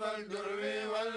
طيب الدرب وال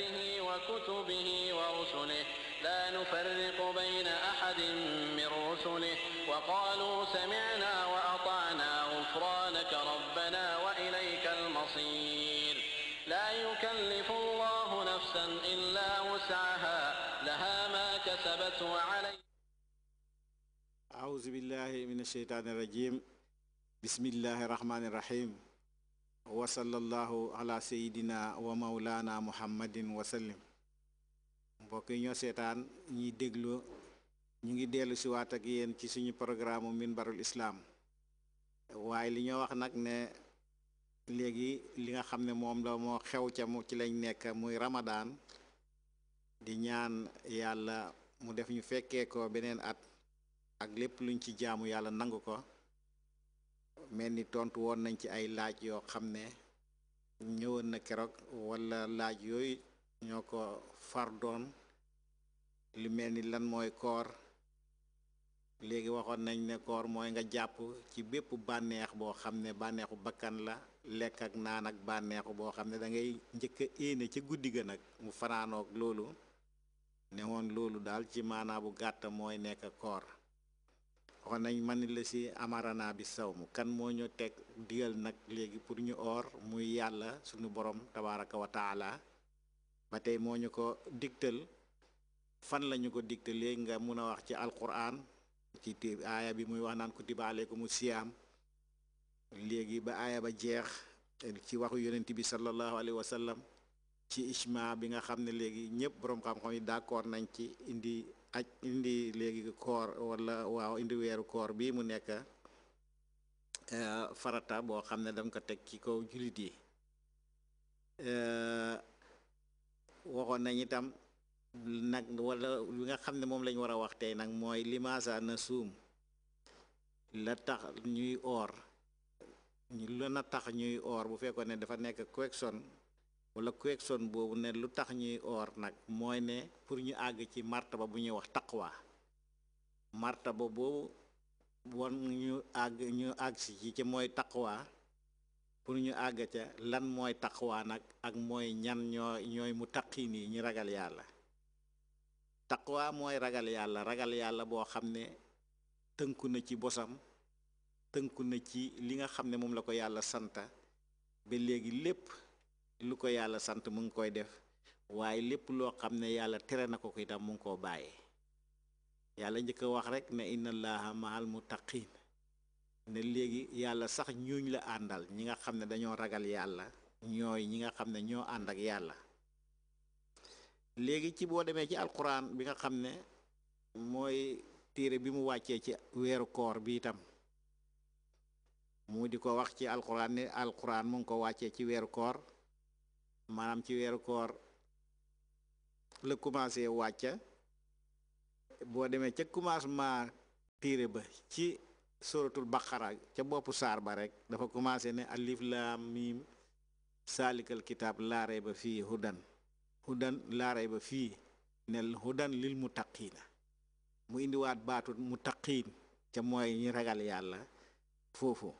وآياته وكتبه ورسله لا نفرق بين أحد من رسله وقالوا سمعنا وأطعنا غفرانك ربنا وإليك المصير لا يكلف الله نفسا إلا وسعها لها ما كسبت وعليها أعوذ بالله من الشيطان الرجيم بسم الله الرحمن الرحيم wa sallallahu ala sayidina wa maulana muhammadin wa sallim mbokk yi ñoo seetaan ñiy déglu ñu ngi dellu si waat ak yéen ci suñu programme minbarul islaam waaye li ñoo wax nag ne léegi li nga xam ne moom la moo xew ca mu ci lañ nekk muy ramadaan di ñaan yàlla mu def ñu fekkee ko beneen at ak lépp luñ ci jaamu yàlla nangu ko mel ni tontu woon nañ ci ay laaj yoo xam ne ñëwoon na keroog wala laaj yooyu ñoo ko far doon lu mel ni lan mooy koor léegi waxoon nañ ne koor mooy nga jàpp ci bépp bànneex boo xam ne bànneexu bakkan la lekk ak naan ak bànneexu boo xam ne dangay njëkk a éene ci guddi ga nag mu fanaanoog loolu ne loolu daal ci maanaa bu gàtt mooy nekk koor waxoon nañ man la si amarana bi saw mu kan moo ñu teg digal nag léegi pour ñu oor muy yàlla suñu boroom tabaraka wa ba tey moo ñu ko digtal fan lañu ko digtal léegi nga mun a wax ci alquran ci ti aaya bi muy wax naan kutiba aleykumu siyaam léegi ba aaya ba jeex ci waxu yonent bi sallallahu alayhi wa ci ijma bi nga xam ne léegi ñëpp boroom xam-xam yi d'accord nañ ci indi aj indi léegi koor wala waaw indi weeru koor bii mu nekk eh, farata boo xam ne dam ko teg ci kaw jullit yi eh, waxoon nañ itam nag walla li nga xam ne moom lañ war a wax tey nag mooy limaasa na suum la tax ñuy oor la na tax ñuy oor bu fekkoon ne dafa nekk question wala question boobu ne lu tax ñuy oor nag mooy ne pour ñu àgg ci martaba bu ñuy wax taqwa martaba boobu wan ñu àgg ñu àgg si ci mooy taqwa pour ñu àgg ca lan mooy taqwa nag ak mooy ñan ñooy mu taqi nii ñu ragal yàlla taqwa mooy ragal yàlla ragal yàlla boo xam ne tënku na ci bosam tënku na ci li nga xam ne moom la ko yàlla santa ba léegi lépp lu ko yàlla sant mu ngi koy def waaye lépp loo xam ne yàlla tere na ko ko itam mu ngi koo bàyyi yàlla njëkk a wax rek ne inna allaha mahal muttaqin ne léegi yàlla sax ñuuñ la àndal ñi nga xam ne dañoo ragal yàlla ñooy ñi nga xam ne ñoo ànd ak yàlla léegi ci boo demee ci alquran bi nga xam ne mooy téere bi mu wàccee ci weeru koor bi itam mu di ko wax ci alquran ne alquran mu ngi ko wàccee ci weeru koor maanaam ci weeru koor la commencé wàcca boo demee ca commencement piire ba ci suratul baqara ca boppu saar ba rek dafa commencé ne alif laam miim saalikal kitaab laaree ba fii hudan hudan laaree ba fii ne hudan lil muttaqiina mu indiwaat baatut muttaqiin ca mooy ñi ragal yàlla foofu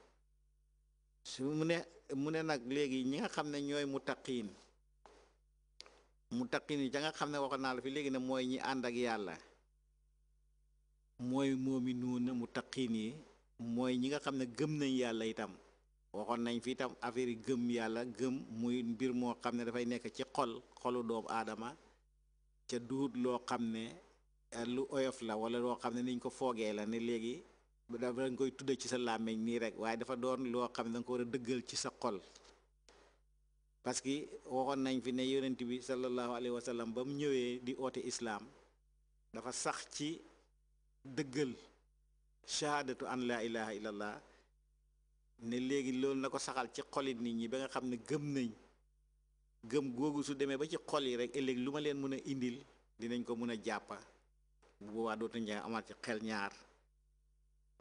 su mu ne mu ne nag léegi ñi nga xam ne ñooy mu taqiin mu taqiin yi ja nga xam ne waxoon naa la fi léegi ne mooy ñi ànd ak yàlla mooy moomi nuun mu taqiin yi mooy ñi nga xam ne gëm nañ yàlla itam waxoon nañ fi itam affaire gëm yàlla gëm muy mbir moo xam ne dafay nekk ci xol xolu doomu aadama ca duut loo xam ne lu oyof la wala loo xam ne niñ ko foogee la ne léegi dafa nga koy tudde ci sa làmmiñ nii rek waaye dafa doon loo xam ne danga ko war a dëggal ci sa xol parce que waxoon nañ fi ne yonent bi sallallahu alayhi wa sallam ba mu ñëwee di oote islaam dafa sax ci dëggal shahadatu an laa ilaha illallah ne léegi loolu na ko saxal ci xolit nit ñi ba nga xam ne gëm nañ gëm googu su demee ba ci xol yi rek ëllëg lu ma leen mën a indil dinañ ko mën a jàppa bu boobaa dootuñ amaat ci xel ñaar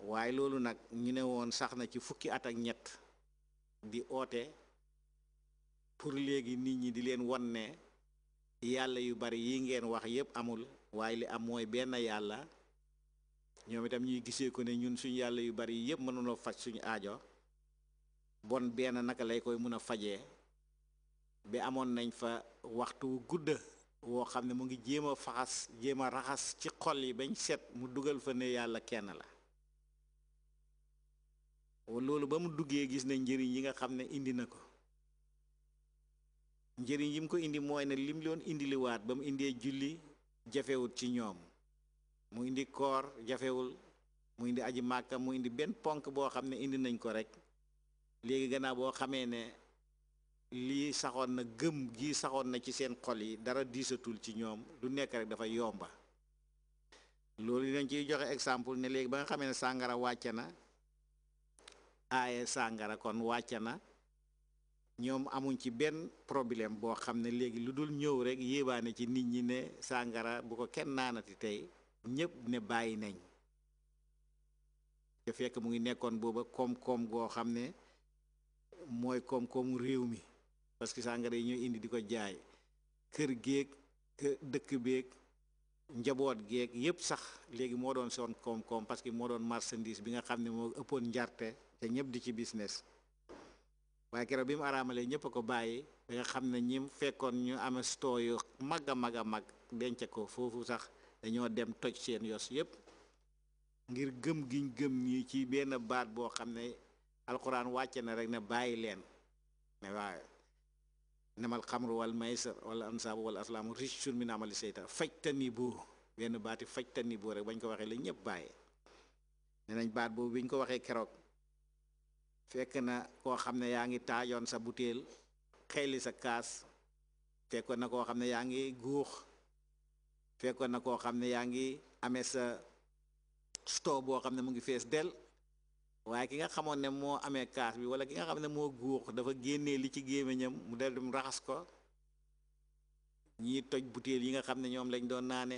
waaye loolu nag ñu ne woon sax na ci fukki at ak ñett di oote pour léegi nit ñi di leen wan ne yàlla yu bari yi ngeen wax yépp amul waaye li am mooy benn yàlla ñoom itam ñuy gisee ko ne ñun suñ yàlla yu bari yépp mënuloo faj suñu aajo bon benn naka lay koy mën a fajee bi amoon nañ fa waxtu wu gudd woo xam ne mu ngi jéem a faxas jéem a raxas ci xol yi bañ set mu dugal fa ne yàlla kenn la loolu ba mu duggee gis na njëriñ yi nga xam ne indi na ko njëriñ yi mu ko indi mooy ne lim loon indiliwaat ba mu indee julli jafewut ci ñoom mu indi koor jafewul mu indi aji màkka mu indi benn ponk boo xam ne indi nañ ko rek léegi gannaaw boo xamee ne lii saxoon na gëm gii saxoon na ci seen xol yi dara diisatul ci ñoom lu nekk rek dafa yomba loolu dañ ciy joxe exemple ne léegi ba nga xamee ne sàngara wàcce na aaye sàngara kon wàcce na ñoom amuñ ci benn problème boo xam ne léegi lu dul ñëw rek yéebaane ci nit ñi ne sàngara bu ko kenn naanati tey ñépp ne bàyyi nañ te fekk mu ngi nekkoon booba koom-koom goo xam ne mooy koom-koomu réew mi parce que sàngara yi ñoo indi di ko jaay kër géeg dëkk béeg njaboot geeg yëpp sax léegi moo doon soon koom-koom parce que moo doon marchandise bi nga xam ne moo ëppoon njarte te ñëpp di ci business waaye keroog bi mu araamalee ñëpp a ko bàyyi ba nga xam ne ñi fekkoon ñu amee store yu mag a mag a mag denc ko foofu sax dañoo dem toj seen yos yëpp ngir gëm giñ gëm ñi ci benn baat boo xam ne alxuraan wàcce na rek ne bàyyi leen mais nemal xamru wal maysir wala ansaabu wala aslaamu rijsun min amali seytaan fajtani bu benn baati faj fajtani boo rek bañ ko waxee la ñëpp bàyyee ne baat boobu biñ ko waxee keroog fekk na koo xam ne yaa ngi taajoon sa butéel xeeli sa kaas fekkoon na koo xam ne yaa ngi guux fekkoon na koo xam ne yaa ngi amee sa sto boo xam ne mu ngi fees del waaye ki nga xamoon ne moo amee kaas bi wala ki nga xam ne moo guux dafa génnee li ci gémmiñam mu del dum raxas ko ñii toj butéel yi nga xam ne ñoom lañ doon naane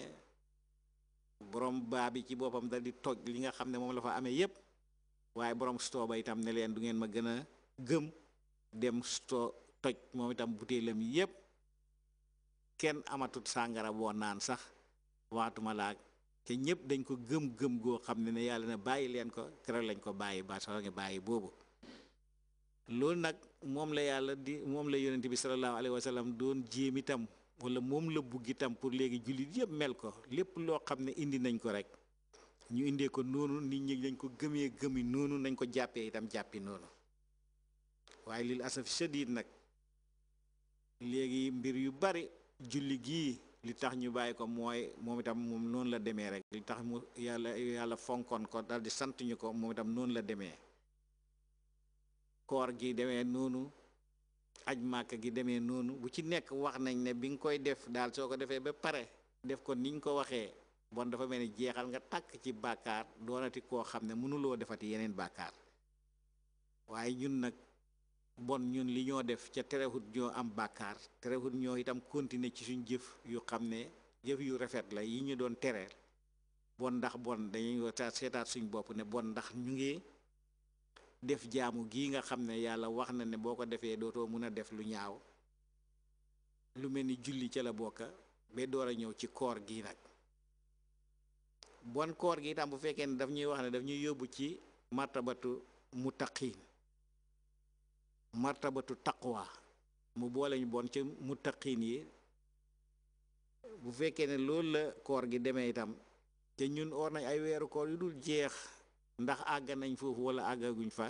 borom baa bi ci boppam dal di toj li nga xam ne moom la fa amee yépp waaye borom stooba itam ne leen du ngeen ma gën a gëm dem sto toj moom itam butéelam yépp kenn amatut sàngara boo naan sax waatuma laag te ñëpp dañ ko gëm-gëm goo xam ne ne yàlla na bàyyi leen ko keroog lañ ko bàyyi ba sax nga bàyyi boobu loolu nag moom la yàlla di moom la yonent bi sallallahu alayhi wa doon jéem itam wala moom la bugg itam pour léegi jullit yëpp mel ko lépp loo xam ne indi nañ ko rek ñu indee ko noonu nit ñi dañ ko gëmee gëmi noonu nañ ko jàppee itam jàppi noonu waaye lil asaf shadid nag léegi mbir yu bari julli gii li tax ñu bàyyi ko mooy moom itam moom noonu la demee rek li tax mu yàlla yàlla fonkoon ko dal di sant ñu ko moom itam noonu la demee koor gi demee noonu aj màkk gi demee noonu bu ci nekk wax nañ ne bi nga koy def daal soo ko defee ba pare def ko niñ ko waxee bon dafa mel ni jeexal nga tàkk ci bàkkaar doonati koo xam ne mënuloo defati yeneen bàkkaar waaye ñun nag bon ñun li ñoo def ca terewut ñoo am bàkkaar terewut ñoo itam continuer ci suñ jëf yu xam ne jëf yu rafet la yi ñu doon tereel bon ndax bon dañuy seetaat suñ bopp ne bon ndax ñu ngi def jaamu gi nga xam ne yàlla wax na ne boo ko defee dootoo mën a def lu ñaaw lu mel ni julli ca la bokka ba door a ñëw ci koor gii nag bon koor gi itam bu fekkee ne daf ñuy wax ne daf ñuy yóbbu ci martabatu muttaqiin martabatu taqwa mu boole ñu bon ci muttaqiin yi bu fekkee ne loolu la koor gi demee itam te ñun oor nañ ay weeru koor yu dul jeex ndax àgg nañ foofu wala àggaguñ fa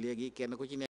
léegi kenn ku ci ne